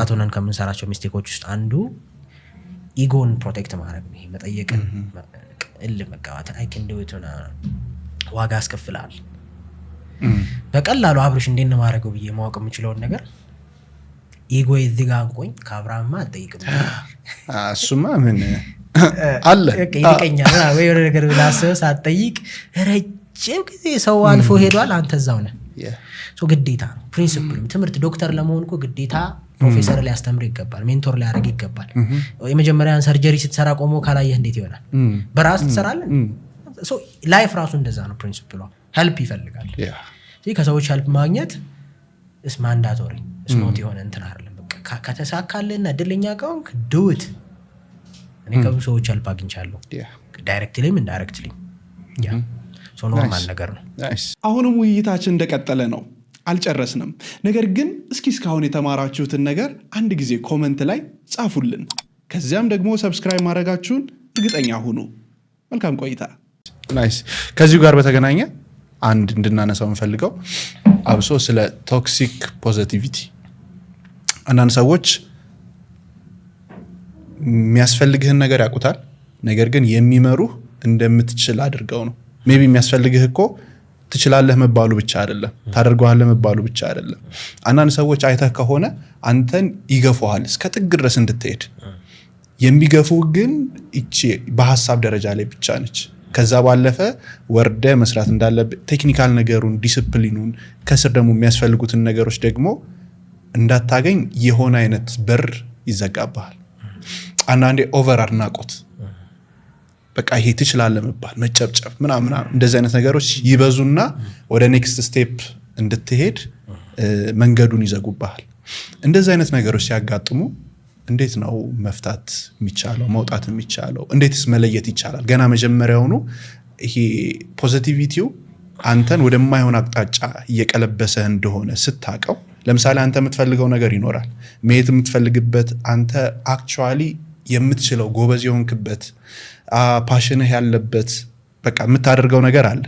ወጣት ሆነን ከምንሰራቸው ሚስቴኮች ውስጥ አንዱ ኢጎን ፕሮቴክት ማድረግ ነው። ይሄ መጠየቅን እል መቀባትን አይክንድዊት ዋጋ ያስከፍላል። በቀላሉ አብርሽ እንዴት ነው ማድረገው ብዬ ማወቅ የምችለውን ነገር ኢጎ እዚህ ጋ ከአብርሃማ ከአብርሃምማ እሱማ ምን አለ ይቀኛል የሆነ ነገር ላስበ ሳጠይቅ ረጅም ጊዜ ሰው አልፎ ሄዷል። አንተ እዛው ነህ። ግዴታ ነው ፕሪንስፕልም ትምህርት ዶክተር ለመሆን ግዴታ ፕሮፌሰር ሊያስተምር ይገባል፣ ሜንቶር ሊያደርግ ይገባል። የመጀመሪያን ሰርጀሪ ስትሰራ ቆሞ ካላየህ እንዴት ይሆናል? በራስ ትሰራለን። ላይፍ ራሱ እንደዛ ነው። ፕሪንሲፕሏ ሄልፕ ይፈልጋል። ስለዚህ ከሰዎች ሄልፕ ማግኘት ስማንዳቶሪ ማንዳቶሪ ስኖት የሆነ እንትን አይደለም። ከተሳካልህና ድልኛ ከሆንክ ድውት። እኔ ከብዙ ሰዎች ሄልፕ አግኝቻለሁ፣ ዳይሬክትሊም ኢንዳይሬክትሊም። ኖርማል ነገር ነው። አሁንም ውይይታችን እንደቀጠለ ነው። አልጨረስንም። ነገር ግን እስኪ እስካሁን የተማራችሁትን ነገር አንድ ጊዜ ኮመንት ላይ ጻፉልን። ከዚያም ደግሞ ሰብስክራይብ ማድረጋችሁን እርግጠኛ ሁኑ። መልካም ቆይታ። ናይስ። ከዚሁ ጋር በተገናኘ አንድ እንድናነሳው የምፈልገው አብሶ ስለ ቶክሲክ ፖዘቲቪቲ አንዳንድ ሰዎች የሚያስፈልግህን ነገር ያውቁታል። ነገር ግን የሚመሩህ እንደምትችል አድርገው ነው ሜይ ቢ የሚያስፈልግህ እኮ ትችላለህ መባሉ ብቻ አይደለም፣ ታደርገዋለህ መባሉ ብቻ አይደለም። አንዳንድ ሰዎች አይተህ ከሆነ አንተን ይገፉሃል እስከ ጥግ ድረስ እንድትሄድ። የሚገፉ ግን ይቺ በሀሳብ ደረጃ ላይ ብቻ ነች። ከዛ ባለፈ ወርደ መስራት እንዳለ ቴክኒካል ነገሩን፣ ዲስፕሊኑን ከስር ደግሞ የሚያስፈልጉትን ነገሮች ደግሞ እንዳታገኝ የሆነ አይነት በር ይዘጋብሃል። አንዳንዴ ኦቨር አድናቆት በቃ ይሄ ትችላለህ መባል፣ መጨብጨብ ምናምን እንደዚህ አይነት ነገሮች ይበዙና ወደ ኔክስት ስቴፕ እንድትሄድ መንገዱን ይዘጉባሃል። እንደዚህ አይነት ነገሮች ሲያጋጥሙ እንዴት ነው መፍታት የሚቻለው? መውጣት የሚቻለው? እንዴትስ መለየት ይቻላል? ገና መጀመሪያውኑ ይሄ ፖዘቲቪቲው አንተን ወደማይሆን አቅጣጫ እየቀለበሰህ እንደሆነ ስታቀው፣ ለምሳሌ አንተ የምትፈልገው ነገር ይኖራል። መሄድ የምትፈልግበት አንተ አክቹዋሊ የምትችለው ጎበዝ የሆንክበት ፓሽንህ ያለበት በቃ የምታደርገው ነገር አለ።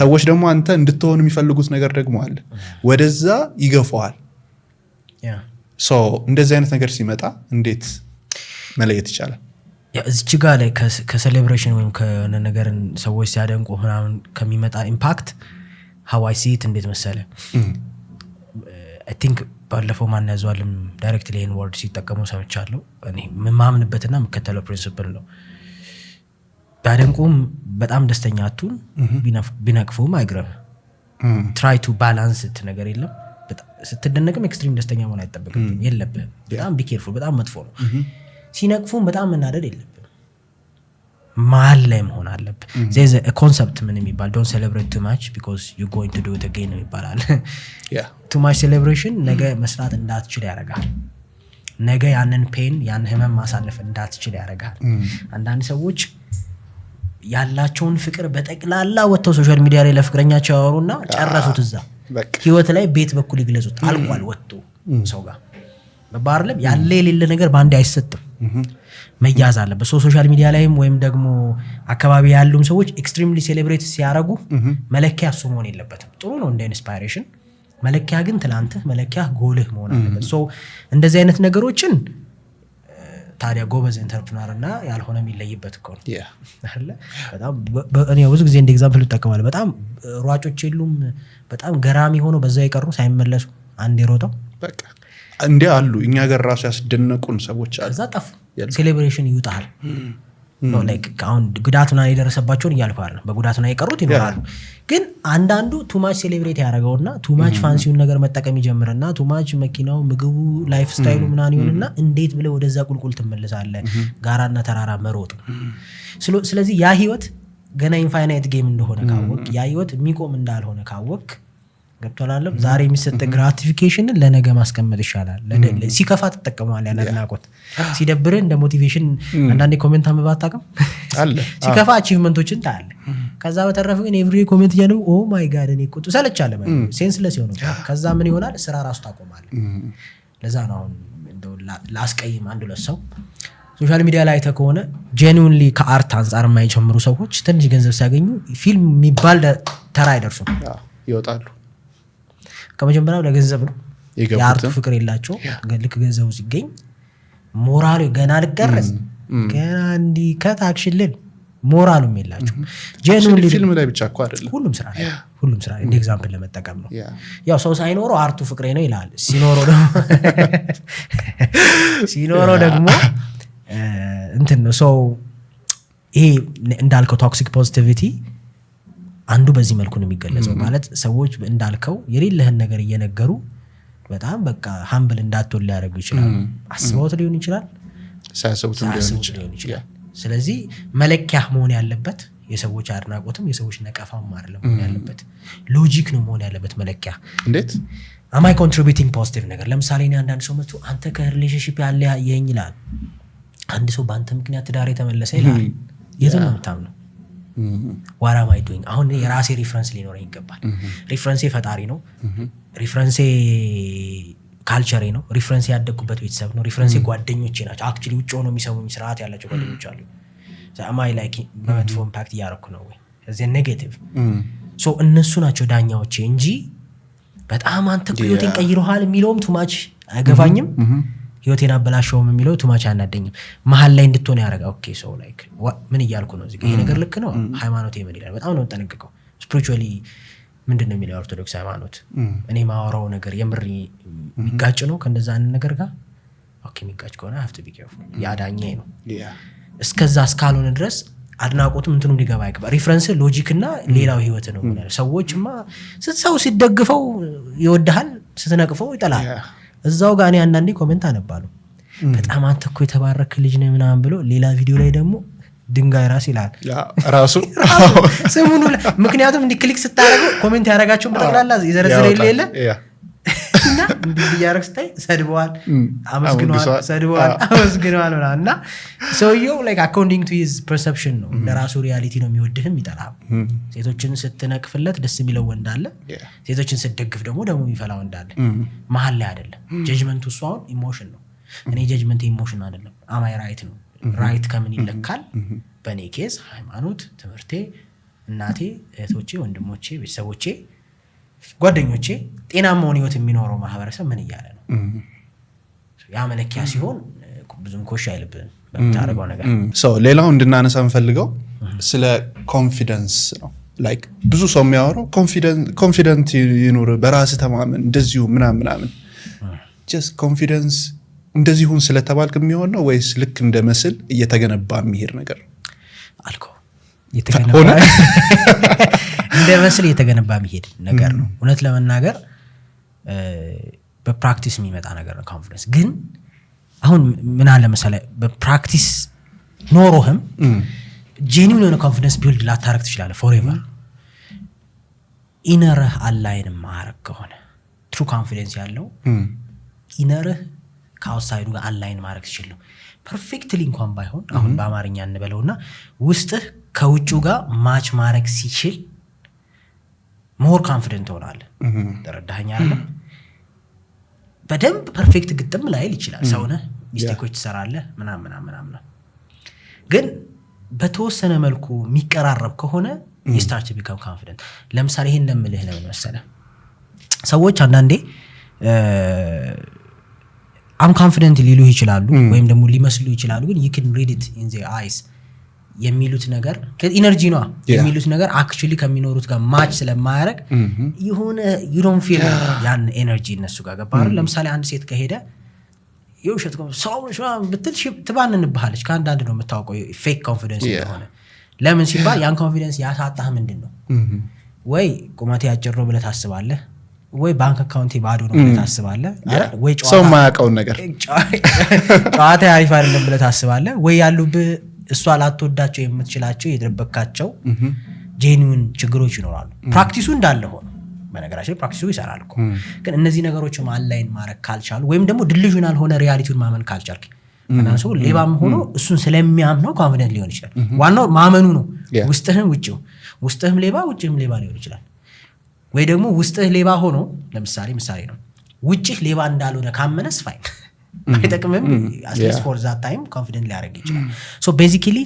ሰዎች ደግሞ አንተ እንድትሆን የሚፈልጉት ነገር ደግሞ አለ። ወደዛ ይገፋዋል። እንደዚህ አይነት ነገር ሲመጣ እንዴት መለየት ይቻላል? እዚች ጋ ላይ ከሴሌብሬሽን ወይም ከሆነ ነገርን ሰዎች ሲያደንቁ ምናምን ከሚመጣ ኢምፓክት ሀዋይ ሲት እንዴት መሰለ አይ ቲንክ ባለፈው ማን ያዘዋልም ዳይሬክት ላይን ወርድ ሲጠቀሙ ሰምቻለሁ። እኔ የማምንበትና የምከተለው ፕሪንስፕል ነው ቢያደንቁም በጣም ደስተኛ አቱን ቢነቅፉም አይግረም። ትራይ ቱ ባላንስ ነገር የለም። ስትደነቅም ኤክስትሪም ደስተኛ መሆን አይጠበቅም የለብህም። በጣም ቢኬርፉል፣ በጣም መጥፎ ነው። ሲነቅፉም በጣም መናደድ የለብህም። መሀል ላይ መሆን አለብ ኮንሰፕት ምን የሚባል ዶን ሴሌብሬት ቱ ማች ቢኮዝ ዩ ጎይንግ ቱ ዱ ኢት ነው ይባላል። ቱ ማች ሴሌብሬሽን ነገ መስራት እንዳትችል ያደርጋል። ነገ ያንን ፔን ያን ህመም ማሳለፍ እንዳትችል ያደርጋል። አንዳንድ ሰዎች ያላቸውን ፍቅር በጠቅላላ ወጥተው ሶሻል ሚዲያ ላይ ለፍቅረኛቸው ያወሩና ጨረሱት። እዛ ህይወት ላይ ቤት በኩል ይግለጹት። አልቋል። ወጥቶ ሰው ጋር መባር ያለ የሌለ ነገር በአንድ አይሰጥም፣ መያዝ አለበት። ሰው ሶሻል ሚዲያ ላይም ወይም ደግሞ አካባቢ ያሉም ሰዎች ኤክስትሪምሊ ሴሌብሬት ሲያረጉ መለኪያ እሱ መሆን የለበትም። ጥሩ ነው እንደ ኢንስፓይሬሽን መለኪያ ግን ትላንትህ መለኪያ ጎልህ መሆን አለበት። እንደዚህ አይነት ነገሮችን ታዲያ ጎበዝ ኢንተርፕነር እና ያልሆነ የሚለይበት እኮ ነው። ብዙ ጊዜ እንደ ኤግዛምፕል ይጠቀማል። በጣም ሯጮች የሉም በጣም ገራሚ ሆኖ በዛ የቀሩ ሳይመለሱ አንድ ሮጠው እንዲህ አሉ። እኛ ገር ራሱ ያስደነቁን ሰዎች አሉ። ከዛ ጠፉ። ሴሌብሬሽን ይውጣል አሁን ጉዳት ና የደረሰባቸውን እያልኩ አይደለም። በጉዳት ና የቀሩት ይኖራሉ። ግን አንዳንዱ ቱማች ሴሌብሬት ያደረገውና ቱማች ፋንሲውን ነገር መጠቀም ይጀምርና ቱማች መኪናው፣ ምግቡ፣ ላይፍ ስታይሉ ምናምን ይሆንና እንዴት ብለ ወደዛ ቁልቁል ትመልሳለህ? ጋራና ተራራ መሮጥ። ስለዚህ ያ ህይወት ገና ኢንፋይናይት ጌም እንደሆነ ካወቅ፣ ያ ህይወት የሚቆም እንዳልሆነ ካወቅ ገብቶላለም ዛሬ የሚሰጠ ግራቲፊኬሽንን ለነገ ማስቀመጥ ይሻላል። ሲከፋ ትጠቀመዋል ያን አድናቆት፣ ሲደብር እንደ ሞቲቬሽን አንዳንድ ኮሜንት አንብባ አታውቅም? ሲከፋ አቺቭመንቶችን ታያለ። ከዛ በተረፈ ግን ኤቭሪ ኮሜንት እያለ ኦ ማይ ጋድ እኔ ቁጡ ሰለቻለ ሴንስለስ የሆነ ከዛ ምን ይሆናል ስራ ራሱ ታቆማለ። ለዛ ነው አሁን ላስቀይም አንድ ለት ሰው ሶሻል ሚዲያ ላይ ተከሆነ ከሆነ ከአርት አንጻር የማይጨምሩ ሰዎች ትንሽ ገንዘብ ሲያገኙ ፊልም የሚባል ተራ አይደርሱም፣ ይወጣሉ ከመጀመሪያው ለገንዘብ ነው። የአርቱ ፍቅር የላቸው። ልክ ገንዘቡ ሲገኝ ሞራሉ ገና ልቀረጽ ገና እንዲ ከታክሽልን ሞራሉም የላቸው። ፊልም ላይ ብቻ ሁሉም ስራ ሁሉም ስራ እንደ ኤግዛምፕል ለመጠቀም ነው። ያው ሰው ሳይኖረው አርቱ ፍቅሬ ነው ይላል። ሲኖረው ደግሞ ሲኖረው ደግሞ እንትን ነው ሰው ይሄ እንዳልከው ቶክሲክ ፖዚቲቪቲ አንዱ በዚህ መልኩ ነው የሚገለጸው። ማለት ሰዎች እንዳልከው የሌለህን ነገር እየነገሩ በጣም በቃ ሀምብል እንዳትሆን ሊያደርጉ ይችላል። አስበውት ሊሆን ይችላል፣ ሳያስቡት ሊሆን ይችላል። ስለዚህ መለኪያ መሆን ያለበት የሰዎች አድናቆትም የሰዎች ነቀፋም አይደለም መሆን ያለበት ሎጂክ ነው መሆን ያለበት መለኪያ። እንዴት አማይ ኮንትሪቢዩቲንግ ፖዚቲቭ ነገር። ለምሳሌ እኔ አንዳንድ ሰው መጥቶ አንተ ከሪሌሽንሽፕ ያለ ያየኝ ይላል። አንድ ሰው በአንተ ምክንያት ትዳር የተመለሰ ይላል። የትም ነው የምታምነው ዋራማይ ዶይንግ አሁን የራሴ ሪፍረንስ ሊኖረኝ ይገባል። ሪፍረንሴ ፈጣሪ ነው። ሪፍረንሴ ካልቸሬ ነው። ሪፍረንስ ያደግኩበት ቤተሰብ ነው። ሪፍረንሴ ጓደኞቼ ናቸው። አክ ውጭ ሆኖ የሚሰሙኝ ስርዓት ያላቸው ጓደኞች አሉ። ማይ ላይክ በመጥፎ ኢምፓክት እያረኩ ነው ወይ እዚህ ኔጌቲቭ ሶ እነሱ ናቸው ዳኛዎቼ እንጂ በጣም አንተ ቆዮቴን ቀይረሃል የሚለውም ቱማች አይገባኝም። ህይወቴን አበላሸውም የሚለው ቱማች አናደኝም። መሀል ላይ እንድትሆን ያደረገ ኦኬ፣ ሰው ላይክ ምን እያልኩ ነው? ይሄ ነገር ልክ ነው? ሃይማኖት ምን ይላል? በጣም ነው ጠነቅቀው። ስፒሪቹዋሊ ምንድን ነው የሚለው ኦርቶዶክስ ሃይማኖት? እኔ ማወራው ነገር የምር የሚጋጭ ነው ከእንደዛ አንድ ነገር ጋር የሚጋጭ ከሆነ ሀፍት ቢኬር ያዳኘ ነው። እስከዛ እስካልሆነ ድረስ አድናቆትም እንትኑ ሊገባ አይገባ። ሪፍረንስ ሎጂክ እና ሌላው ህይወት ነው። ሰዎችማ ሰው ሲደግፈው ይወድሃል፣ ስትነቅፈው ይጠላል። እዛው ጋር እኔ አንዳንዴ ኮሜንት አነባሉ በጣም አንተ እኮ የተባረክ ልጅ ነው ምናምን ብሎ ሌላ ቪዲዮ ላይ ደግሞ ድንጋይ ራስ ይላል ራሱ ስሙኑ። ምክንያቱም እንዲ ክሊክ ስታደረጉ ኮሜንት ያደረጋቸውን በጠቅላላ የዘረዝር የለ እና እንዲህ እያደረግ ስታይ ሰድበዋል፣ አመስግነዋል፣ ሰድበዋል፣ አመስግነዋል ምናምን እና ሰውየው ላይክ አኮርዲንግ ቱ ዝ ፐርሰፕሽን ነው ራሱ ሪያሊቲ ነው። የሚወድህም ይጠላል። ሴቶችን ስትነቅፍለት ደስ የሚለው ወንዳለ ሴቶችን ስትደግፍ ደግሞ ደግሞ የሚፈላ ወንዳለ መሀል ላይ አይደለም። ጀጅመንቱ እሱ አሁን ኢሞሽን ነው። እኔ ጀጅመንት ኢሞሽን አደለም አማይ ራይት ነው። ራይት ከምን ይለካል? በእኔ ኬዝ ሃይማኖት፣ ትምህርቴ፣ እናቴ፣ እህቶቼ፣ ወንድሞቼ፣ ቤተሰቦቼ ጓደኞቼ ጤናማውን ህይወት የሚኖረው ማህበረሰብ ምን እያለ ነው? ያ መለኪያ ሲሆን ብዙም ኮሽ አይልብን በምታደርገው ነገር። ሌላው እንድናነሳ የምፈልገው ስለ ኮንፊደንስ ነው። ላይክ ብዙ ሰው የሚያወራው ኮንፊደንት ይኑር፣ በራስ ተማመን፣ እንደዚሁ ምናምን ምናምን። ጀስት ኮንፊደንስ እንደዚሁን ስለተባልክ የሚሆን ነው ወይስ ልክ እንደ መስል እየተገነባ የሚሄድ ነገር አልከው የተገነባ እንደ መስል የተገነባ የሚሄድ ነገር ነው። እውነት ለመናገር በፕራክቲስ የሚመጣ ነገር ነው። ኮንፊደንስ ግን አሁን ምና አለ በፕራክቲስ ኖሮህም ጄኒውን የሆነ ኮንፊደንስ ቢውልድ ላታረግ ትችላለ ፎሬቨር ኢነርህ አላይን ማረግ ከሆነ ትሩ ኮንፊደንስ ያለው ኢነርህ ከአውትሳይዱ ጋር አላይን ማድረግ ትችል ነው። ፐርፌክትሊ እንኳን ባይሆን አሁን በአማርኛ እንበለውና ውስጥህ ከውጩ ጋር ማች ማድረግ ሲችል ሞር ካንፊደንት ሆናለን። ተረዳኸኝ? በደንብ ፐርፌክት ግጥም ላይል ይችላል ሰውነ ሚስቴኮች ትሰራለ ምናምን ምናምን፣ ግን በተወሰነ መልኩ የሚቀራረብ ከሆነ ስታርት ቢካም ካንፊደንት። ለምሳሌ ይሄን እንደምልህ ነው መሰለ ሰዎች አንዳንዴ አም ካንፊደንት ሊሉ ይችላሉ፣ ወይም ደግሞ ሊመስሉ ይችላሉ፣ ግን ዩ ኬን ሪድ ኢት ኢን ዜር አይስ የሚሉት ነገር ኢነርጂ ነዋ የሚሉት ነገር አክቹዋሊ ከሚኖሩት ጋር ማች ስለማያደረግ mm-hmm. የሆነ ዩዶን ፊል ያን ኤነርጂ እነሱ ጋር ገባ። mm-hmm. ለምሳሌ አንድ ሴት ከሄደ የውሸት ሰው ብትል ትባንንብሃለች። ከአንዳንድ ነው የምታውቀው ፌክ ኮንፊደንስ ሆነ። ለምን ሲባል ያን ኮንፊደንስ ያሳጣህ ምንድን ነው? Mm-hmm. ወይ ቁመቴ ያጭር ነው ብለህ ታስባለህ ወይ ባንክ አካውንቴ ባዶ ነው ብለ ታስባለህ። ወይ ነገር ጨዋታ ያሪፍ አይደለም ብለ ታስባለ ወይ ያሉብህ እሷ ላትወዳቸው የምትችላቸው የደበካቸው ጄኒውን ችግሮች ይኖራሉ። ፕራክቲሱ እንዳለ ሆነ በነገራችን ፕራክቲሱ ይሰራል ግን እነዚህ ነገሮች አንላይን ማድረግ ካልቻሉ ወይም ደግሞ ድልዥን ያልሆነ ሪያሊቲውን ማመን ካልቻል ምናምን ሰው ሌባም ሆኖ እሱን ስለሚያምነው ኮንፊደንት ሊሆን ይችላል። ዋናው ማመኑ ነው። ውስጥህም ውጭው ውስጥህም ሌባ ውጭህም ሌባ ሊሆን ይችላል። ወይ ደግሞ ውስጥህ ሌባ ሆኖ ለምሳሌ ምሳሌ ነው ውጭህ ሌባ እንዳልሆነ ካመነ ፋይን አይጠቅምም አትሊስት ፎር ዛ ታይም ኮንፊደንት ሊያደረግ ይችላል። ሶ ቤዚካሊ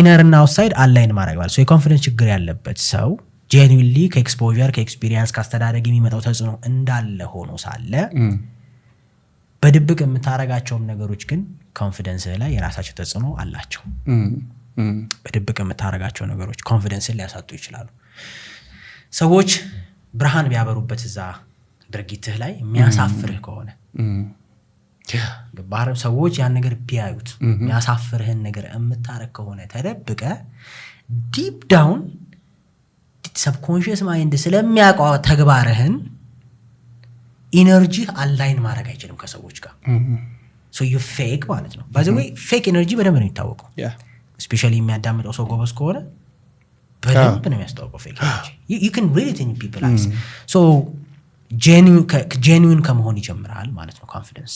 ኢነር እና አውትሳይድ አላይን ማድረግ ማለት የኮንፊደንስ ችግር ያለበት ሰው ጄኒንሊ ከኤክስፖር ከኤክስፒሪየንስ ከአስተዳደግ የሚመጣው ተጽዕኖ እንዳለ ሆኖ ሳለ በድብቅ የምታረጋቸውም ነገሮች ግን ኮንፊደንስ ላይ የራሳቸው ተጽዕኖ አላቸው። በድብቅ የምታረጋቸው ነገሮች ኮንፊደንስን ሊያሳጡ ይችላሉ። ሰዎች ብርሃን ቢያበሩበት እዛ ድርጊትህ ላይ የሚያሳፍርህ ከሆነ ሰዎች ያን ነገር ቢያዩት የሚያሳፍርህን ነገር የምታረግ ከሆነ ተደብቀ ዲፕ ዳውን ሰብኮንሽስ ማይንድ ስለሚያውቀው ተግባርህን ኢነርጂ አላይን ማድረግ አይችልም ከሰዎች ጋር ዩ ፌክ ማለት ነው። በዚ ወይ ፌክ ኤነርጂ በደንብ ነው የሚታወቀው። ስፔሻሊ የሚያዳምጠው ሰው ጎበዝ ከሆነ በደንብ ነው የሚያስታወቀው ፌክ ኤነርጂ ጄኒዊን ከመሆን ይጀምራል ማለት ነው ኮንፊደንስ